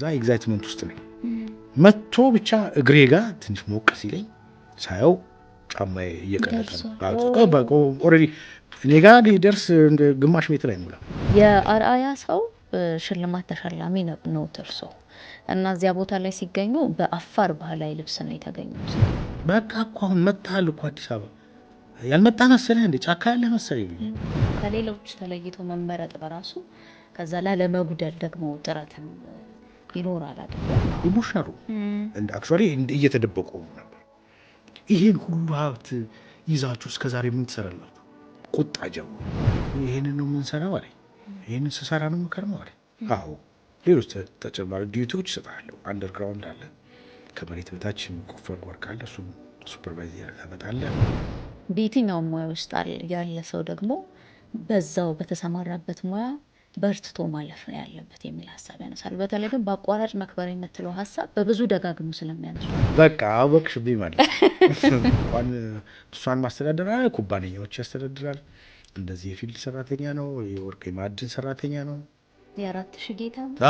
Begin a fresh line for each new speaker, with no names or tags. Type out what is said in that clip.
ከዛ ኤግዛይትመንት ውስጥ ነኝ። መጥቶ ብቻ እግሬ ጋር ትንሽ ሞቅ ሲለኝ ሳየው ጫማ እየቀለጠ ነው። እኔ ጋ ሊደርስ ግማሽ ሜትር አይሞላም።
የአርአያ ሰው ሽልማት ተሸላሚ ነው እርሶ እና እዚያ ቦታ ላይ ሲገኙ በአፋር ባህላዊ ልብስ ነው የተገኙት።
በቃ እኮ አሁን መጥተሃል እኮ አዲስ አበባ ያልመጣ መሰለህ እንደ ጫካ ያለ መሰለኝ።
ከሌሎች ተለይቶ መመረጥ በራሱ ከዛ ላይ ለመጉደል ደግሞ ጥረትን ይኖራል አላውቅም።
ይሞሻሉ አክቹዋሊ እየተደበቁ ነበር። ይሄን ሁሉ ሀብት ይዛችሁ እስከዛሬ ምን ትሰራላችሁ? ቁጣ ጀምሮ ይሄንን ነው የምንሰራው አለኝ። ይህንን ስሰራ ነው የምከርመው አለኝ። አዎ ሌሎች ተጨማሪ ዲዩቲዎች ይሰጣሉ። አንደርግራውንድ አለ፣ ከመሬት በታች የሚቆፈር ወርቅ አለ። እሱም ሱፐርቫይዝ ያመጣለ።
በየትኛውም ሙያ ውስጥ ያለ ሰው ደግሞ በዛው በተሰማራበት ሙያ በርትቶ ማለፍ ነው ያለበት የሚል ሀሳብ ያነሳል። በተለይ ግን በአቋራጭ መክበር የምትለው ሀሳብ በብዙ ደጋግሙ ስለሚያነሱ
በቃ አወቅሽብኝ ማለት እሷን ማስተዳደር ኩባንያዎች ያስተዳድራል። እንደዚህ የፊልድ ሰራተኛ ነው፣ የወርቅ የማዕድን ሰራተኛ ነው፣
የአራት ሺህ ጌታ